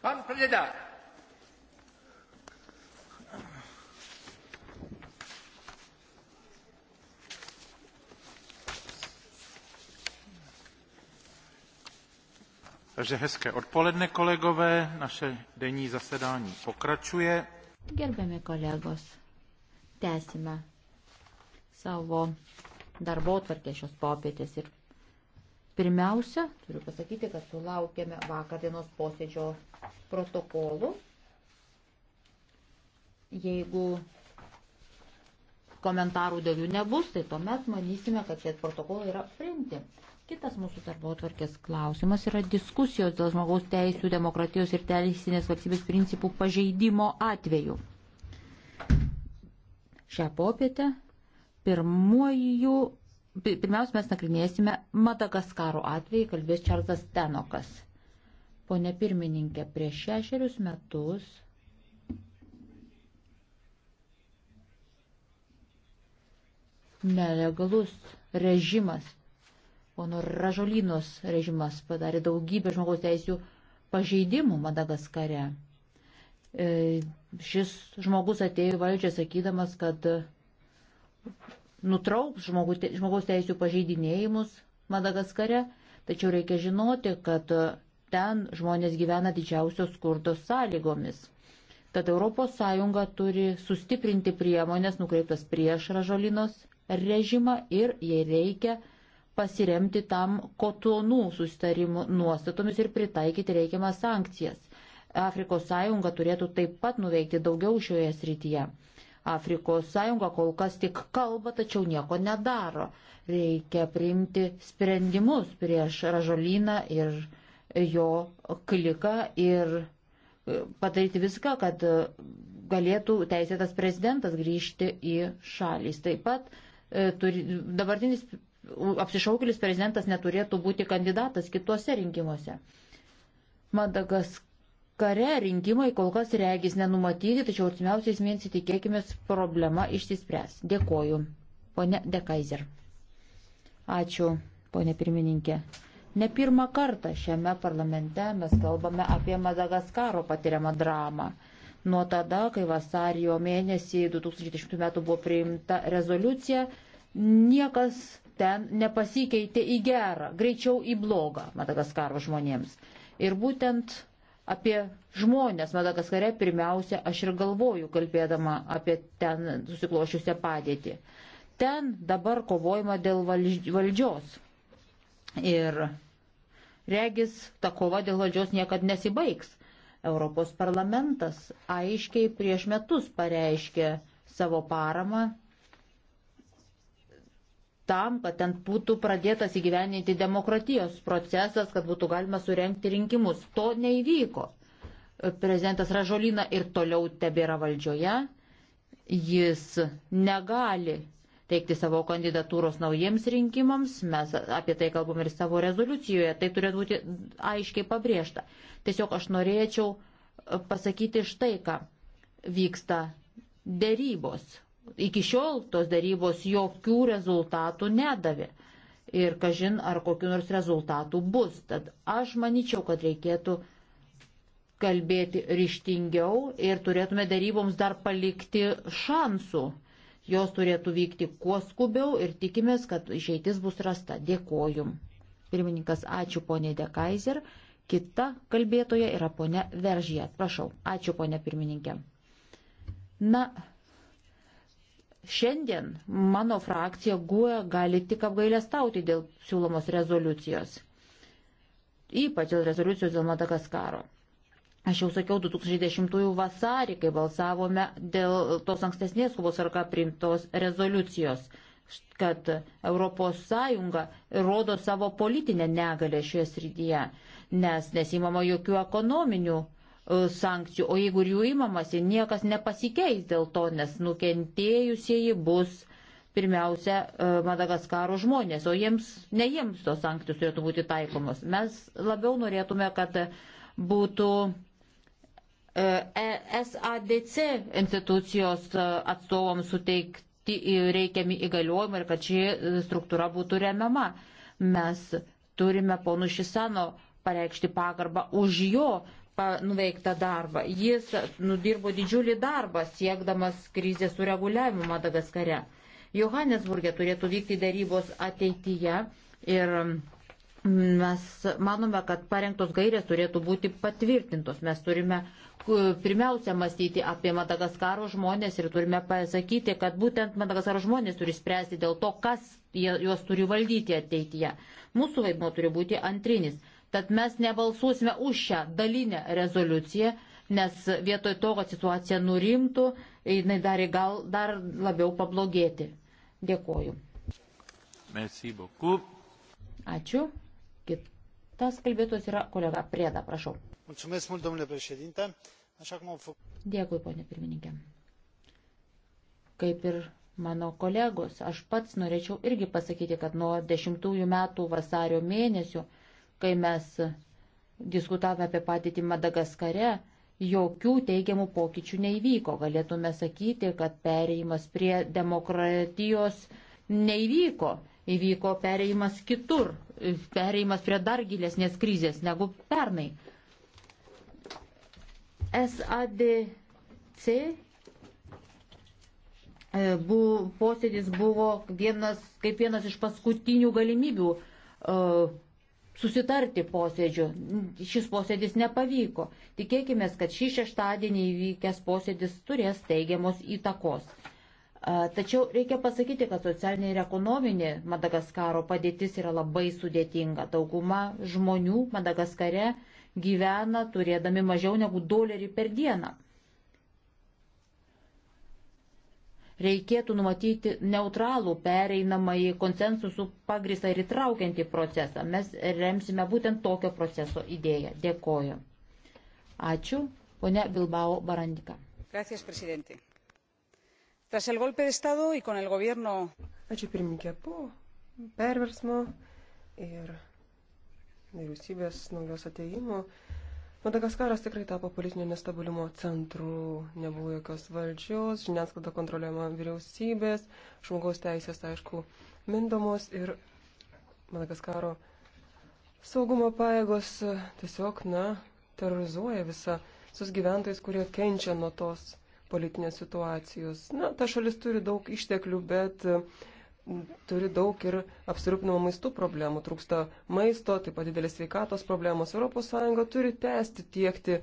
Pan Preda. Takže hezké odpoledne, kolegové. Naše denní zasedání pokračuje. Gerbiami kolegos, tęsime savo darbo tvarkę šios popietės ir Pirmiausia, turiu pasakyti, kad sulaukėme vakardienos posėdžio protokolų. Jeigu komentarų dėl jų nebus, tai tuomet manysime, kad šie protokolai yra priimti. Kitas mūsų darbo atvarkės klausimas yra diskusijos dėl žmogaus teisų, demokratijos ir teisinės valstybės principų pažeidimo atveju. Šią popietę pirmuoju, pirmiausia mes nagrinėsime Madagaskaro atvejį, kalbės Čarlzas Tenokas. Pone pirmininkė, prieš šešerius metus nelegalus režimas, pono Ražolynos režimas padarė daugybę žmogaus teisų pažeidimų Madagaskare. E, šis žmogus atėjo valdžią sakydamas, kad nutrauks žmogaus teisų pažeidinėjimus Madagaskare, tačiau reikia žinoti, kad ten žmonės gyvena didžiausios skurdos sąlygomis. Tad ES turi sustiprinti priemonės nukreiptas prieš ražolinos režimą ir jei reikia pasiremti tam kotonų sustarimų nuostatomis ir pritaikyti reikiamas sankcijas. Afrikos sąjunga turėtų taip pat nuveikti daugiau šioje srityje. Afrikos sąjunga kol kas tik kalba, tačiau nieko nedaro. Reikia priimti sprendimus prieš ražolyną ir jo kliką ir e, padaryti viską, kad galėtų teisėtas prezidentas grįžti į šalį. Jis taip pat e, turi, dabartinis apsišaukėlis prezidentas neturėtų būti kandidatas kituose rinkimuose. Madagaskare rinkimai kol kas regis nenumatyti, tačiau artimiausiais mėnesiais tikėkime problema išsispręs. Dėkoju. Pone Dekaiser. Ačiū, ponė pirmininkė. Ne pirmą kartą šiame parlamente mes kalbame apie Madagaskaro patiriamą dramą. Nuo tada, kai vasario mėnesį 2010 m. buvo priimta rezoliucija, niekas ten nepasikeitė į gerą, greičiau į blogą Madagaskaro žmonėms. Ir būtent apie žmonės Madagaskare pirmiausia aš ir galvoju, kalbėdama apie ten susiklošiusią padėtį. Ten dabar kovojama dėl valdžios. Ir Regis, ta kova dėl valdžios niekad nesibaigs. Europos parlamentas aiškiai prieš metus pareiškė savo paramą tam, kad ten būtų pradėtas įgyveninti demokratijos procesas, kad būtų galima surenkti rinkimus. To neįvyko. Prezidentas Ražolina ir toliau tebėra valdžioje. Jis negali teikti savo kandidatūros naujiems rinkimams, mes apie tai kalbam ir savo rezoliucijoje, tai turėtų būti aiškiai pabrėžta. Tiesiog aš norėčiau e, pasakyti štai, ką vyksta dėrybos. Iki šiol tos dėrybos jokių rezultatų nedavė. Ir kažin, ar kokiu nors rezultatu bus. Tad aš manyčiau, kad reikėtų kalbėti ryštingiau ir turėtume daryboms dar palikti šansų Jos turėtų vykti kuo skubiau ir tikimės, kad išeitis bus rasta. Dėkoju. Pirmininkas, ačiū ponė Dekaiser. Kita kalbėtoja yra ponė Veržyje. Prašau. Ačiū ponė pirmininkė. Na, šiandien mano frakcija GUE gali tik apgailestauti dėl siūlomos rezoliucijos. Ypač dėl rezoliucijos dėl Madagaskaro. Aš jau sakiau 2010 vasarį, kai balsavome dėl tos ankstesnės skubos arka priimtos rezoliucijos, kad ES rodo savo politinę negalę šioje srityje, nes nesimama jokių ekonominių e, sankcijų, o jeigu ir jų įmamasi, niekas nepasikeis dėl to, nes nukentėjusieji bus pirmiausia e, Madagaskaro žmonės, o jiems, ne jiems tos sankcijos turėtų būti taikomos. Mes labiau norėtume, kad būtų E, SADC institucijos e, atstovams suteikti reikiami įgaliojimai ir kad ši e, struktūra būtų remiama. Mes turime ponų Šisano pareikšti pagarbą už jo nuveiktą darbą. Jis nudirbo didžiulį darbą siekdamas krizės sureguliavimo Madagaskare. Johannesburgė turėtų vykti darybos ateityje ir Mes manome, kad parengtos gairės turėtų būti patvirtintos. Mes turime pirmiausia mąstyti apie Madagaskaro žmonės ir turime pasakyti, kad būtent Madagaskaro žmonės turi spręsti dėl to, kas juos turi valdyti ateityje. Mūsų vaidmo turi būti antrinis. Tad mes nebalsuosime už šią dalinę rezoliuciją, nes vietoj to, kad situacija nurimtų, jinai dar, gal, dar labiau pablogėti. Dėkoju. Merci beaucoup. Ačiū. Kitas kalbėtojas yra kolega Prieda, prašau. Mulțumesc mult, domnule președinte. Așa cum au făcut... Dėkui, ponė pirmininkė. Kaip ir mano kolegos, aš pats norėčiau irgi pasakyti, kad nuo dešimtųjų metų vasario mėnesių, kai mes diskutavome apie patį Madagaskare, jokių teigiamų pokyčių neįvyko. Galėtume sakyti, kad perėjimas prie demokratijos neįvyko įvyko pereimas kitur, pereimas prie dar gilesnės krizės negu pernai. SADC e, bu, posėdis buvo vienas, kaip vienas iš paskutinių galimybių uh, susitarti posėdžių. Šis posėdis nepavyko. Tikėkime, kad šį šeštadienį įvykęs posėdis turės teigiamos įtakos. Tačiau reikia pasakyti, kad socialinė ir ekonominė Madagaskaro padėtis yra labai sudėtinga. Dauguma žmonių Madagaskare gyvena turėdami mažiau negu dolerį per dieną. Reikėtų numatyti neutralų pereinamąjį konsensusų pagrįstą ir įtraukiantį procesą. Mes remsime būtent tokio proceso idėją. Dėkoju. Ačiū, ponia Bilbao Barandika. Gracias, presidente. Tras el golpe de Estado y con el gobierno. Ačiū pirmininkė po perversmo ir vyriausybės naujos ateimo. Madagaskaras tikrai tapo politinio nestabilumo centru, nebuvo jokios valdžios, žiniasklaida kontroliuojama vyriausybės, žmogaus teisės, aišku, mindomos ir Madagaskaro saugumo pajėgos tiesiog, na, terrorizuoja visą visus gyventojus, kurie kenčia nuo tos politinės situacijos. Na, ta šalis turi daug išteklių, bet turi daug ir apsirūpinimo maistų problemų, trūksta maisto, taip pat didelės sveikatos problemos. ES turi tęsti tiekti e,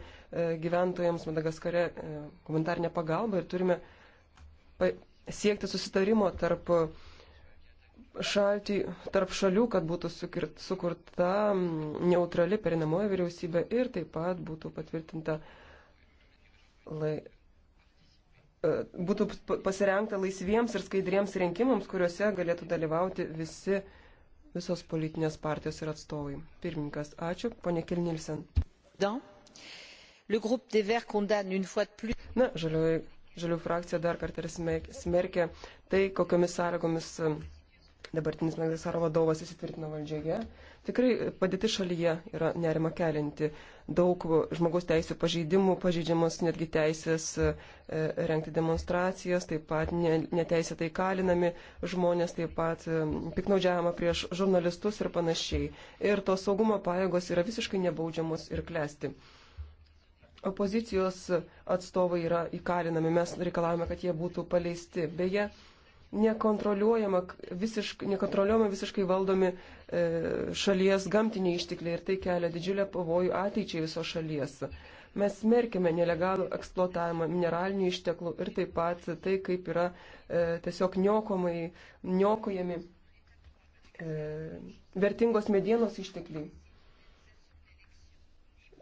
gyventojams Madagaskare e, humanitarnę pagalbą ir turime pa siekti susitarimo tarp, šalti, tarp šalių, kad būtų sukirt, sukurta neutrali perinamoji vyriausybė ir taip pat būtų patvirtinta lai, E, būtų pasirengta laisviems ir skaidriems rinkimams, kuriuose galėtų dalyvauti visi, visos politinės partijos ir atstovai. Pirmininkas, ačiū, ponė Kilnilsen. Na, žaliųjų, žaliųjų frakcija dar kartą smerkia tai, kokiomis sąlygomis e, dabartinis Naglisaro vadovas įsitvirtino valdžioje. Tikrai padėti šalyje yra nerima kelinti daug žmogaus teisų pažeidimų, pažeidžiamos netgi teisės e, renkti demonstracijas, taip pat neteisėtai kalinami žmonės, taip pat e, piknaudžiavama prieš žurnalistus ir panašiai. Ir tos saugumo pajėgos yra visiškai nebaudžiamos ir klesti. Opozicijos atstovai yra įkalinami, mes reikalavome, kad jie būtų paleisti. Beje, nekontroliuojama, visiškai, nekontroliuojama visiškai valdomi e, šalies gamtiniai ištikliai ir tai kelia didžiulę pavojų ateičiai viso šalies. Mes smerkime nelegalų eksploatavimą mineralinių išteklų ir taip pat tai, kaip yra e, tiesiog niokomai, niokojami e, vertingos medienos ištekliai.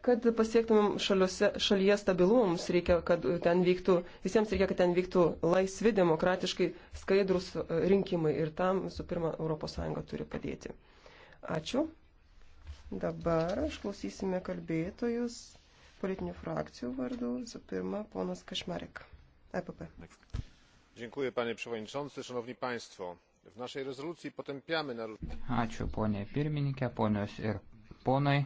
Kad pasiektumėm šaliuose, šalyje stabilumą, mums reikia, kad ten vyktų, visiems reikia, kad ten vyktų laisvi, demokratiškai skaidrus e, rinkimai ir tam visų pirma ES turi padėti. Ačiū. Dabar išklausysime kalbėtojus politinių frakcijų vardu. Visų pirma, ponas Kašmarek. EPP. Dziękuję, panie przewodniczący, szanowni państwo. W naszej rezolucji potępiamy naruszenie. Ačiū, ponė pirmininkė, ponios ir ponai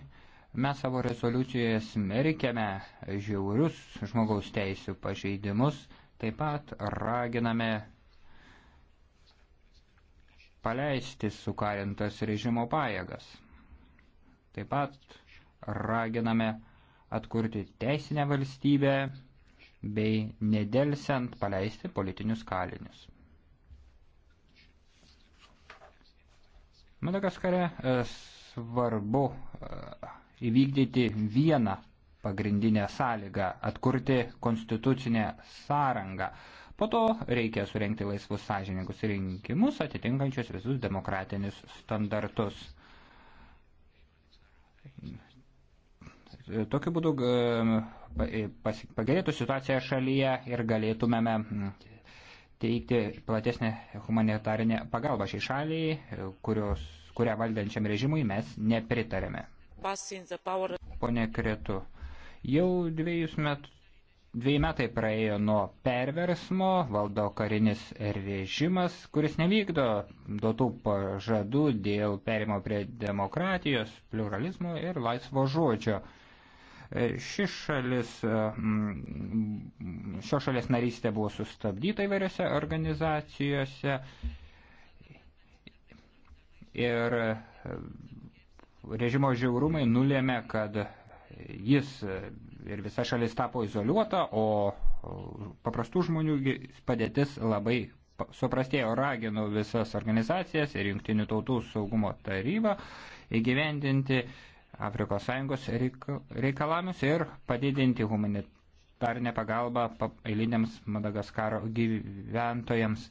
Mes savo rezoliucijoje smerkiame žiaurius žmogaus teisų pažeidimus, taip pat raginame paleisti sukarintas režimo pajėgas. Taip pat raginame atkurti teisinę valstybę bei nedelsiant paleisti politinius kalinius. Madagaskare e, svarbu e, įvykdyti vieną pagrindinę sąlygą - atkurti konstitucinę sąrangą. Po to reikia surenkti laisvus sąžininkus rinkimus, atitinkančius visus demokratinius standartus. Tokiu būdu e, pagerėtų situacija šalyje ir galėtumėme teikti platesnę humanitarinę pagalbą šiai šaliai, kurios, kurią valdančiam režimui mes nepritarėme. Pone Kretu, jau dviejus metus. Dviejai metai praėjo nuo perversmo, valdo karinis režimas, kuris nevykdo duotų pažadų dėl perimo prie demokratijos, pluralizmo ir laisvo žodžio. E, Ši šalis, e, šio šalies narystė buvo sustabdyta įvairiose organizacijose ir e, režimo žiaurumai nulėmė, kad jis ir visa šalis tapo izoliuota, o paprastų žmonių padėtis labai suprastėjo. Raginu visas organizacijas ir Junktinių tautų saugumo tarybą įgyvendinti Afrikos Sąjungos reikalavimus ir padidinti humanitarinę pagalbą eiliniams Madagaskaro gyventojams.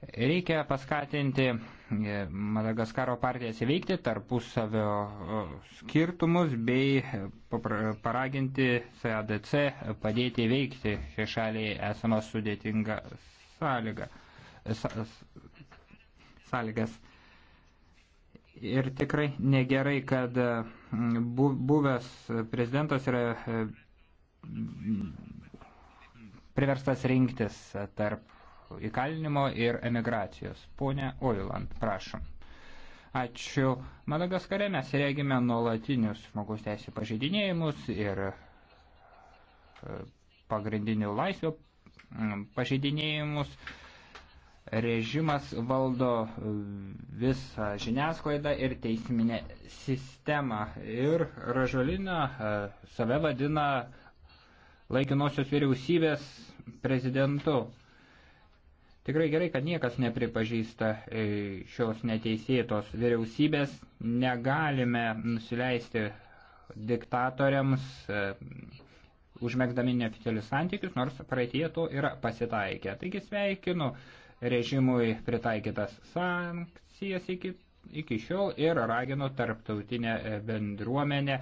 Reikia paskatinti e, Madagaskaro partijas įveikti tarpusavio e, skirtumus bei e, paraginti SADC padėti įveikti šiai šaliai esamą sudėtingą sąlygą, sąlygas. Ir tikrai negerai, kad buvęs prezidentas yra priverstas rinktis tarp įkalinimo ir emigracijos. Pone Oiland, prašom. Ačiū. Madagaskare mes regime nuolatinius žmogaus teisų pažeidinėjimus ir e, pagrindinių laisvių pažeidinėjimus. Režimas valdo e, visą žiniasklaidą ir teisminę sistemą. Ir Ražolina e, save vadina laikinosios vyriausybės prezidentu. Tikrai gerai, kad niekas nepripažįsta e, šios neteisėtos vyriausybės. Negalime nusileisti diktatoriams, e, užmėgdami neoficialius santykius, nors praeitie to yra pasitaikę. Taigi sveikinu režimui pritaikytas sankcijas iki, iki šiol ir raginu tarptautinę bendruomenę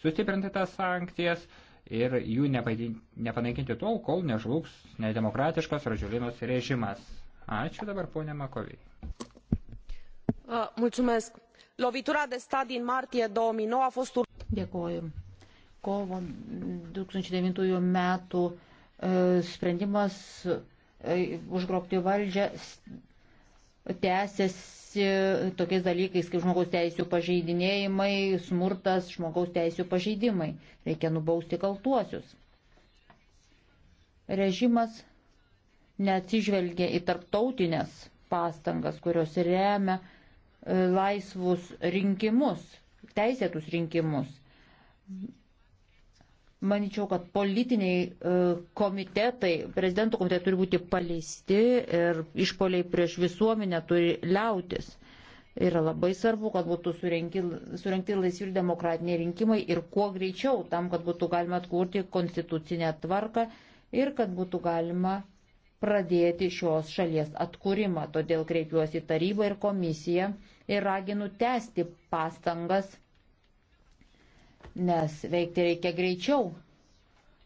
sustiprinti tas sankcijas ir jų nepanaikinti tol, kol nežlugs nedemokratiškas Radžiulinos režimas. Ačiū dabar, ponė Makoviai. Mulțumesc. Lovitura de stat din martie 2009 a fost... Dėkoju. Kovo 2009 metų e, sprendimas e, užgrobti valdžią tęsės remiasi tokiais dalykais kaip žmogaus teisų pažeidinėjimai, smurtas, žmogaus teisų pažeidimai. Reikia nubausti kaltuosius. Režimas neatsižvelgia į tarptautinės pastangas, kurios remia e, laisvus rinkimus, teisėtus rinkimus. Maničiau, kad politiniai e, komitetai, prezidentų komitetai turi būti paleisti ir išpoliai prieš visuomenę turi liautis. Yra labai svarbu, kad būtų surenki, surenkti laisvi ir demokratiniai rinkimai ir kuo greičiau tam, kad būtų galima atkurti konstitucinę tvarką ir kad būtų galima pradėti šios šalies atkūrimą. Todėl kreipiuosi į tarybą ir komisiją ir raginu tęsti pastangas nes veikti reikia greičiau,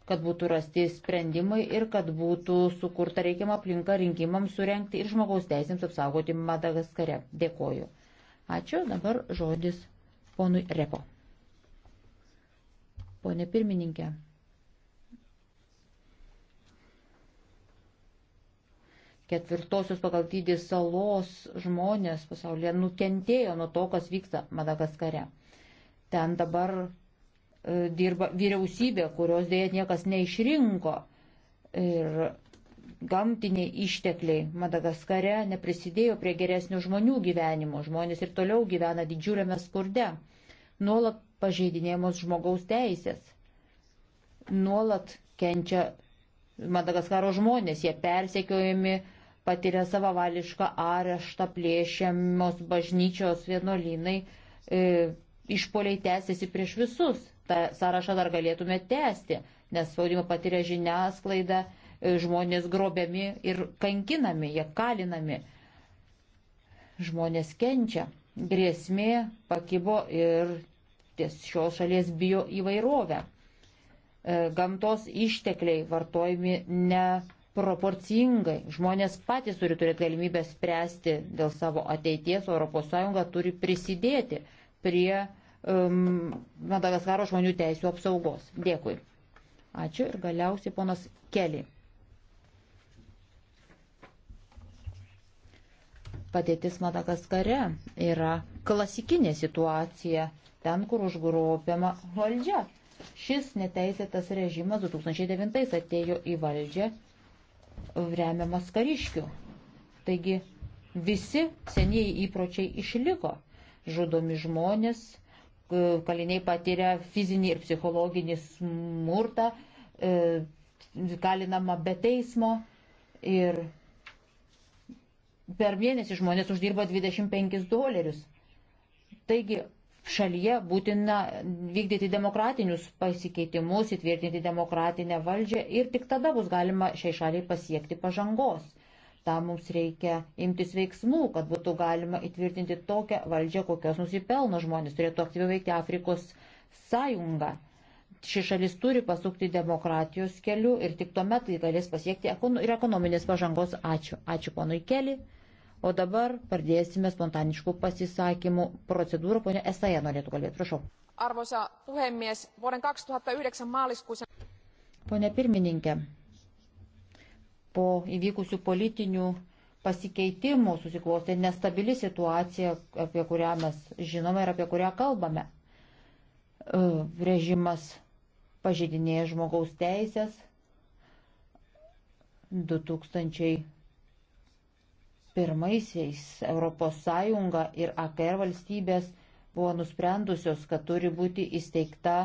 kad būtų rasti sprendimai ir kad būtų sukurta reikiama aplinka rinkimams surenkti ir žmogaus teisėms apsaugoti Madagaskare. Dėkoju. Ačiū. Dabar žodis ponui Repo. Pone pirmininkė. ketvirtosios pagal dydį salos žmonės pasaulyje nukentėjo nuo to, kas vyksta Madagaskare. Ten dabar E, dirba vyriausybė, kurios dėja niekas neišrinko. Ir gamtiniai ištekliai Madagaskare neprisidėjo prie geresnių žmonių gyvenimo. Žmonės ir toliau gyvena didžiuliame skurde. Nuolat pažeidinėjamos žmogaus teisės. Nuolat kenčia Madagaskaro žmonės. Jie persekiojami, patiria savavališką areštą, plėšiamos bažnyčios vienuolynai. E, išpoliai tęsiasi prieš visus tą sąrašą dar galėtume tęsti, nes spaudimą patiria žiniasklaida, e, žmonės grobiami ir kankinami, jie kalinami. Žmonės kenčia. Grėsmė pakibo ir ties šios šalies bio įvairovę. E, gamtos ištekliai vartojami neproporcingai. Žmonės patys turi turėti galimybę spręsti dėl savo ateities, o ES turi prisidėti prie uh, um, Madagaskaro žmonių teisų apsaugos. Dėkui. Ačiū ir galiausiai ponas Keli. Patėtis Madagaskare yra klasikinė situacija ten, kur užgrobiama valdžia. Šis neteisėtas režimas 2009 atėjo į valdžią remiamas kariškių. Taigi visi senieji įpročiai išliko. Žudomi žmonės, E, kaliniai patiria fizinį ir psichologinį smurtą, e, kalinama be teismo ir per mėnesį žmonės uždirba 25 dolerius. Taigi šalyje būtina vykdyti demokratinius pasikeitimus, įtvirtinti demokratinę valdžią ir tik tada bus galima šiai šaliai pasiekti pažangos. Tam mums reikia imtis veiksmų, kad būtų galima įtvirtinti tokią valdžią, kokios nusipelno žmonės turėtų aktyviai veikti Afrikos sąjungą. Ši šalis turi pasukti demokratijos keliu ir tik tuomet jį galės pasiekti ir ekonominės pažangos. Ačiū. Ačiū ponui Keli. O dabar pradėsime spontaniškų pasisakymų procedūrą. Pone Esaja norėtų kalbėti. Prašau. Arvoisa puhemies, vuoden 2009 maaliskuussa. Pone pirmininkė, po įvykusių politinių pasikeitimų susiklostė nestabili situacija, apie kurią mes žinome ir apie kurią kalbame. E, režimas pažydinėja žmogaus teisės 2001 Europos Sąjunga ir AKR valstybės buvo nusprendusios, kad turi būti įsteigta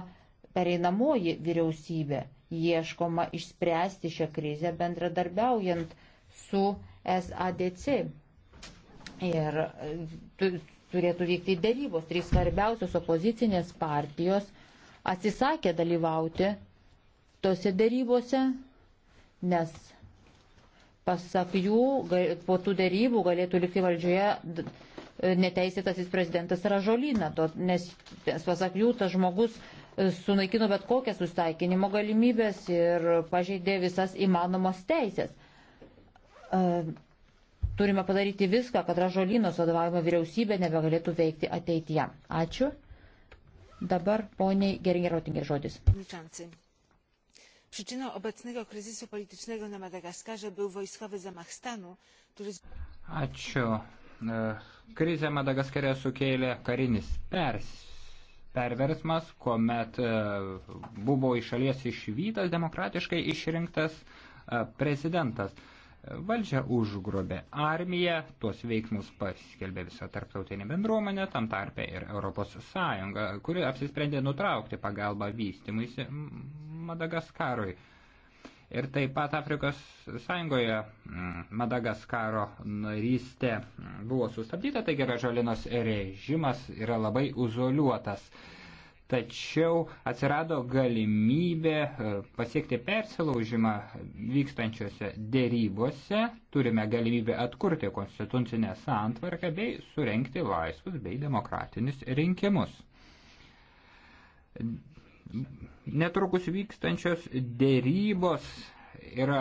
pereinamoji vyriausybė ieškoma išspręsti šią krizę bendradarbiaujant su SADC. Ir turėtų vykti dėrybos. Trys svarbiausios opozicinės partijos atsisakė dalyvauti tose dėrybose, nes pasak jų po tų dėrybų galėtų likti valdžioje neteisėtasis prezidentas Ražolina, to, nes pasak jų tas žmogus E, sunaikino bet kokias susitaikinimo galimybės ir pažeidė visas įmanomas teisės. E, turime padaryti viską, kad ražolynos vadovavimo vyriausybė nebegalėtų veikti ateityje. Ačiū. Dabar poniai Geringerotingė žodis. Przyczyną obecnego kryzysu politycznego na Madagaskarze był wojskowy zamach stanu, który... Ačiū. E, krizę Madagaskare sukėlė karinis pers perversmas, kuomet e, buvo iš šalies išvytas demokratiškai išrinktas e, prezidentas. Valdžia užgrobė armiją, tuos veiksmus paskelbė visa tarptautinė bendruomenė, tam tarpe ir Europos Sąjunga, kuri apsisprendė nutraukti pagalbą vystimuisi Madagaskarui. Ir taip pat Afrikos Sąjungoje mm, Madagaskaro narystė mm, buvo sustabdyta, taigi Ražalinos režimas yra labai izoliuotas. Tačiau atsirado galimybė e, pasiekti persilaužimą vykstančiose dėrybose, turime galimybę atkurti konstitucinę santvarką bei surenkti laisvus bei demokratinius rinkimus Netrukus vykstančios dėrybos yra,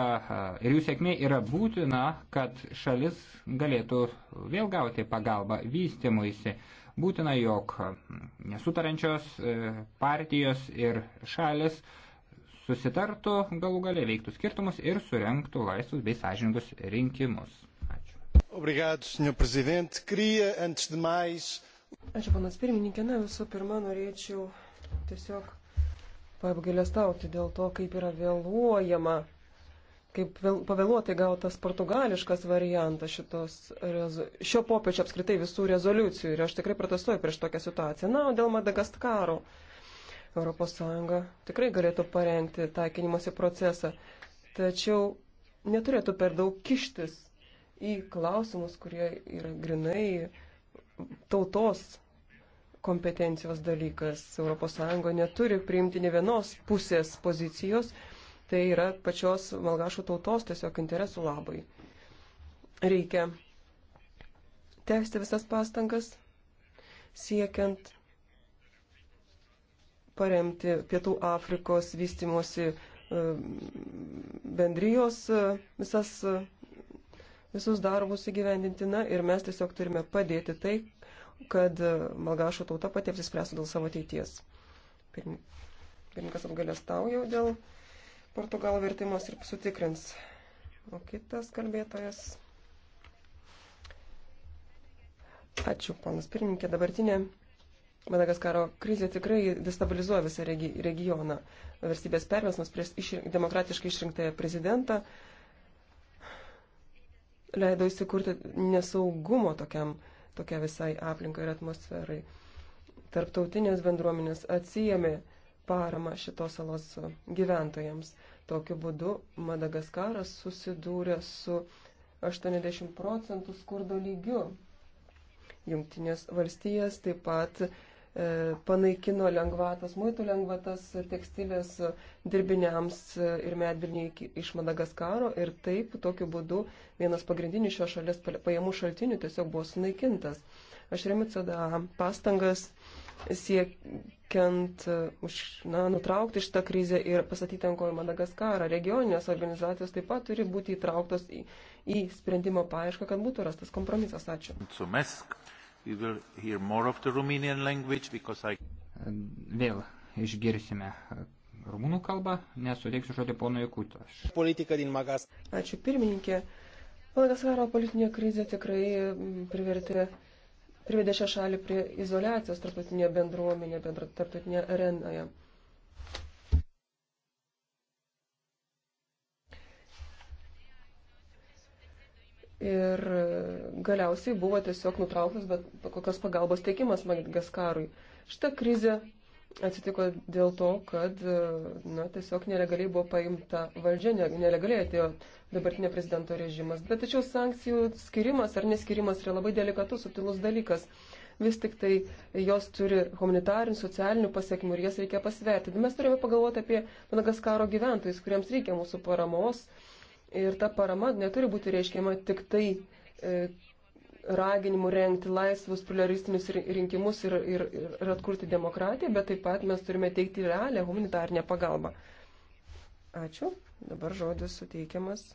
ir jų sėkmė yra būtina, kad šalis galėtų vėl gauti pagalbą vystimuisi. Būtina, jog nesutarančios e, partijos ir šalis susitartų galų galę veiktų skirtumus ir surenktų laisvus bei sąžininkus rinkimus. Ačiū. Obrigado, senhor presidente. Queria, antes de mais. Ačiū, panas pirmininkė. Na, visų pirma, norėčiau tiesiog apgailestauti dėl to, kaip yra vėluojama, kaip vėl, pavėluotai gautas portugališkas variantas šitos, šio popiečio apskritai visų rezoliucijų ir aš tikrai protestuoju prieš tokią situaciją. Na, o dėl Madagaskaro ES tikrai galėtų parengti taikinimosi procesą, tačiau neturėtų per daug kištis į klausimus, kurie yra grinai tautos kompetencijos dalykas. ES neturi priimti ne vienos pusės pozicijos, tai yra pačios malgašų tautos tiesiog interesų labai. Reikia tęsti visas pastangas, siekiant paremti Pietų Afrikos vystimosi e, bendrijos e, visas, e, visus darbus įgyvendinti. Na ir mes tiesiog turime padėti tai, kad e, malgašo tauta pati apsispręstų dėl savo ateities. Pirmininkas apgalėstauja dėl portugalų vertimos ir sutikrins. O kitas kalbėtojas. Ačiū, ponas pirmininkė. Dabartinė Madagaskaro krizė tikrai destabilizuoja visą regi regioną. Valstybės pervesmas prieš išrink, demokratiškai išrinktąją prezidentą leido įsikurti nesaugumo tokiam uh, tokia visai aplinkai ir atmosferai. Tarptautinės bendruomenės atsijėmė paramą šitos salos gyventojams. Tokiu būdu Madagaskaras susidūrė su 80 procentų skurdo lygiu. Jungtinės valstijas taip pat E, panaikino lengvatas, muitų lengvatas tekstilės dirbiniams ir medvilniai iš Madagaskaro ir taip tokiu būdu vienas pagrindinių šios šalies pajamų šaltinių tiesiog buvo sunaikintas. Aš remiu CDA pastangas siekiant e, už, na, nutraukti šitą krizę ir pastatyti ant kojų Madagaskarą. Regioninės organizacijos taip pat turi būti įtrauktos į, į sprendimo paaišką, kad būtų rastas kompromisas. Ačiū. Sumesk. We will hear more of the Romanian language because I... Vėl išgirsime rumūnų kalbą, nesuteiksiu žodį pono Jekutos. Politika din magas. Ačiū pirmininkė. Madagaskaro politinė krizė tikrai privertė, privedė šią šalį prie izolacijos tarptautinėje bendruomenėje, tarptautinėje arenoje. Ir galiausiai buvo tiesiog nutrauktas bet kokios pagalbos teikimas Madagaskarui. Šitą krizę atsitiko dėl to, kad na, tiesiog nelegaliai buvo paimta valdžia, nelegaliai atėjo dabartinė prezidento režimas. Bet tačiau sankcijų skirimas ar neskirimas yra labai delikatus, subtilus dalykas. Vis tik tai jos turi humanitarinių, socialinių pasiekmių ir jas reikia pasverti. Mes turime pagalvoti apie Madagaskaro gyventojus, kuriems reikia mūsų paramos. Uh, Ir ta parama neturi būti reiškiama tik tai e, raginimu rengti laisvus pluralistinius rinkimus ir, ir, ir atkurti demokratiją, bet taip pat mes turime teikti realią humanitarnę pagalbą. Ačiū. Dabar žodis suteikiamas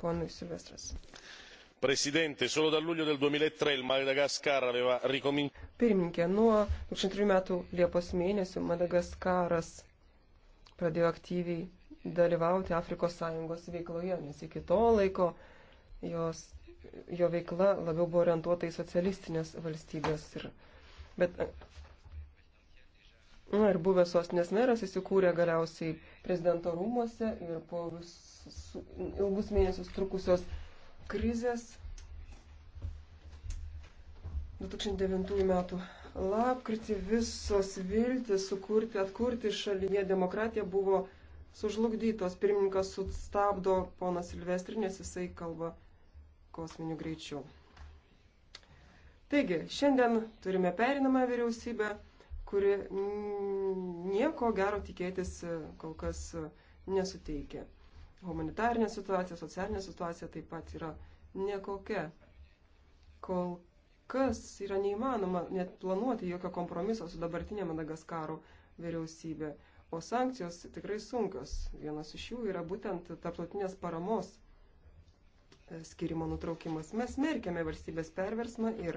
ponui Silvestras. Presidente, solo dal luglio del 2003 e il Madagascar aveva ricominciato. Pirmininkė, nuo 2003 metų Liepos mėnesių Madagaskaras pradėjo aktyviai dalyvauti Afrikos sąjungos veikloje, nes iki to laiko jos, jo veikla labiau buvo orientuota į socialistinės valstybės. Ir, bet, na, ir buvęs sostinės meras įsikūrė galiausiai prezidento rūmose ir po vis, su, ilgus mėnesius trukusios krizės 2009 metų lapkritį visos viltis sukurti, atkurti šalyje demokratiją buvo sužlugdytos. Pirmininkas sustabdo ponas Silvestri, nes jisai kalba kosminiu greičiu. Taigi, šiandien turime perinamą vyriausybę, kuri nieko gero tikėtis e, kol kas e, nesuteikia. Humanitarinė situacija, socialinė situacija taip pat yra nekokia. Kol kas yra neįmanoma net planuoti jokio kompromiso su dabartinė Madagaskaro vyriausybė. O sankcijos tikrai sunkios. Vienas iš jų yra būtent tarptautinės paramos e, skirimo nutraukimas. Mes merkiame valstybės perversmą ir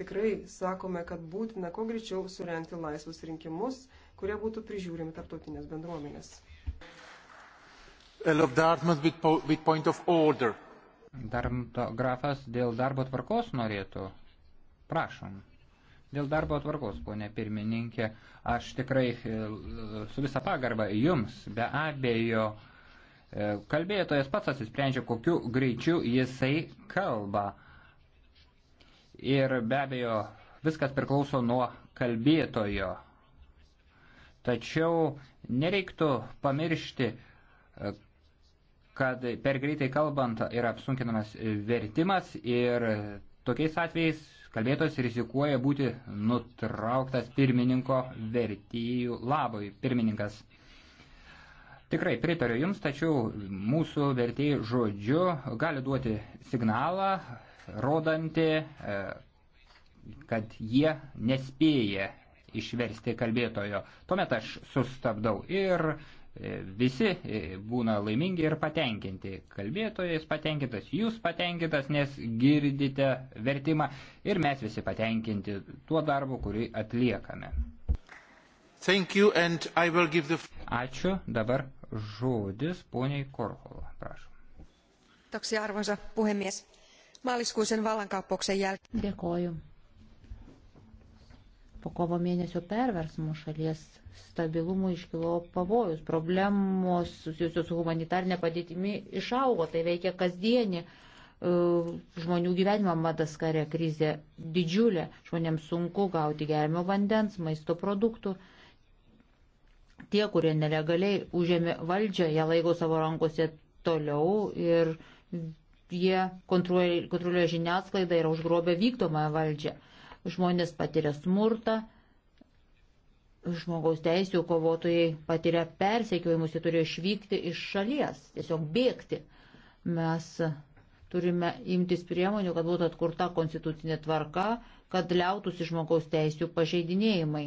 tikrai sakome, kad būtina kuo greičiau surenkti laisvus rinkimus, kurie būtų prižiūrimi tarptautinės bendruomenės. Dar grafas dėl darbo tvarkos norėtų. Prašom. Dėl darbo tvarkos, ponė pirmininkė, aš tikrai e, su visa pagarba jums be abejo e, kalbėtojas pats atsisprendžia, kokiu greičiu jisai kalba. Ir be abejo viskas priklauso nuo kalbėtojo. Tačiau nereiktų pamiršti, e, kad per greitai kalbant yra apsunkinamas vertimas ir tokiais atvejais Kalbėtos rizikuoja būti nutrauktas pirmininko vertijų labui. Pirmininkas. Tikrai pritariu Jums, tačiau mūsų vertėjai žodžiu gali duoti signalą, rodantį, e, kad jie nespėja išversti kalbėtojo. Tuomet aš sustabdau ir E, visi e, būna laimingi ir patenkinti. Kalbėtojas patenkintas, jūs patenkintas, nes girdite vertimą ir mes visi patenkinti tuo darbu, kurį atliekame. The... Ačiū. Dabar žodis poniai Korhola. Prašom. Toksia arvoisa puhemies. Maaliskuisen vallankaappauksen jälkeen. Dėkoju. Po kovo mėnesio perversmų šalies stabilumui iškilo pavojus, problemos susijusios su humanitarnė padėtimi išaugo, tai veikia kasdienį e, žmonių gyvenimą Madaskare krizė didžiulė, žmonėms sunku gauti gerimo vandens, maisto produktų. Tie, kurie nelegaliai užėmė valdžią, ją laiko savo rankose toliau ir jie kontroliuoja žiniasklaidą ir užgrobia vykdomąją valdžią žmonės patiria smurtą, žmogaus teisų kovotojai patiria persekiojimus, jie turėjo išvykti iš šalies, tiesiog bėgti. Mes turime imtis priemonių, kad būtų atkurta konstitucinė tvarka, kad liautųsi žmogaus teisų pažeidinėjimai,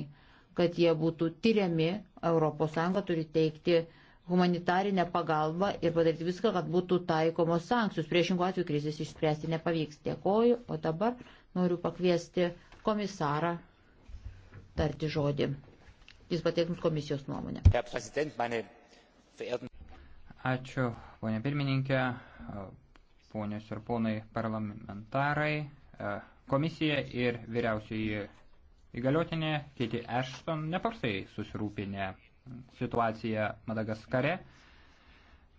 kad jie būtų tyriami, ES turi teikti humanitarinę pagalbą ir padaryti viską, kad būtų taikomos sankcijos. Priešingų atveju krizės išspręsti nepavyks. Dėkoju, o dabar noriu pakviesti komisarą tarti žodį. Jis pateiks komisijos nuomonę. Ačiū, ponė pirmininkė, ponios ir ponai parlamentarai, e, komisija ir vyriausiai įgaliotinė Kiti Ashton nepaprastai susirūpinę situaciją Madagaskare.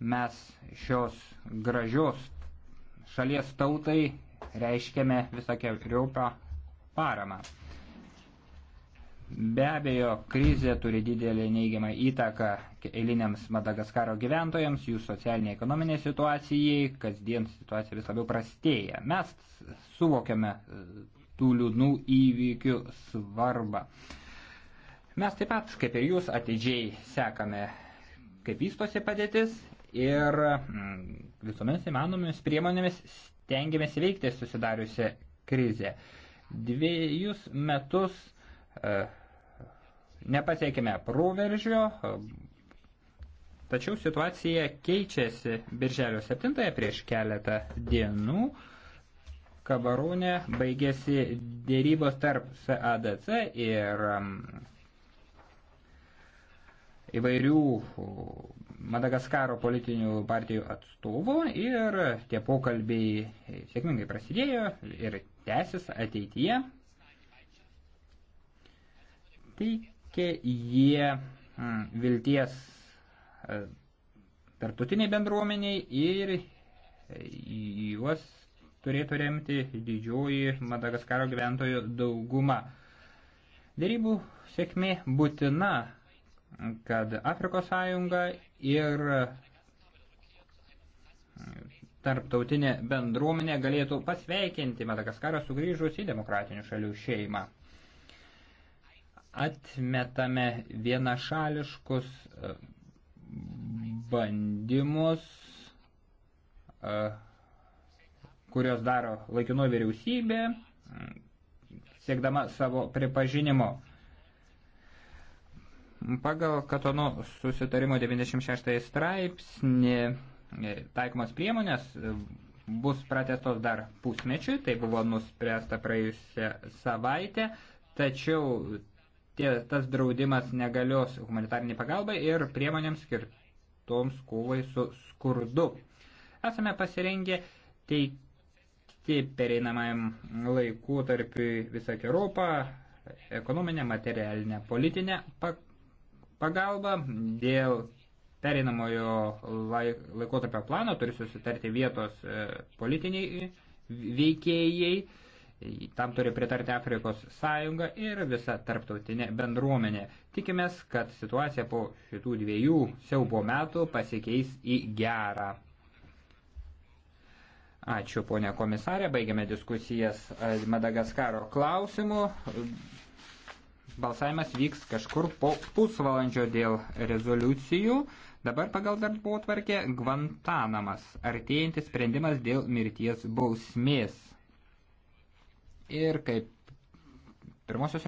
Mes šios gražios šalies tautai reiškiame visokią riaupą paramą. Be abejo, krizė turi didelį neigiamą įtaką eiliniams Madagaskaro gyventojams, jų socialinė ekonominė situacijai, kasdien situacija vis labiau prastėja. Mes suvokiame e, tų liūdnų įvykių svarbą. Mes taip pat, kaip ir jūs, atidžiai sekame, kaip vystosi padėtis ir mm, visomis įmanomis priemonėmis tengiamės veikti susidariusią krizę. Dviejus metus e, nepasiekime proveržio, e, tačiau situacija keičiasi. Birželio 7 prieš keletą dienų Kabarūne baigėsi dėrybos tarp SADC ir įvairių Madagaskaro politinių partijų atstovų ir tie pokalbiai sėkmingai prasidėjo ir tęsis ateityje. Teikia jie mm, vilties e, tartutiniai bendruomeniai ir juos turėtų remti didžioji Madagaskaro gyventojų dauguma. Dėrybų sėkmė būtina, kad Afrikos sąjunga ir e, tarptautinė bendruomenė galėtų pasveikinti Madagaskarą sugrįžus į demokratinių šalių šeimą. Atmetame vienašališkus e, bandymus, e, kurios daro laikino vyriausybė, siekdama savo pripažinimo Pagal Katonų susitarimo 96 straipsnį e, taikomos priemonės e, bus pratestos dar pusmečiui, tai buvo nuspręsta praėjusią savaitę, tačiau tie, tas draudimas negalios humanitariniai pagalbai ir priemonėms skirtoms kovai su skurdu. Esame pasirengę teikti pereinamajam laikų tarp visą Europą ekonominę, materialinę, politinę pagalbą pagalba. Dėl pereinamojo laikotarpio plano turi susitarti vietos e, politiniai e, veikėjai, e, tam turi pritarti Afrikos sąjunga ir visa tarptautinė bendruomenė. Tikimės, kad situacija po šitų dviejų siaubo metų pasikeis į gerą. Ačiū, ponė komisarė. Baigiame diskusijas Madagaskaro klausimu. Balsavimas vyks kažkur po pusvalandžio dėl rezoliucijų. Dabar pagal darbo tvarkė Gvantanamas, artėjantis sprendimas dėl mirties bausmės. Ir kaip pirmosios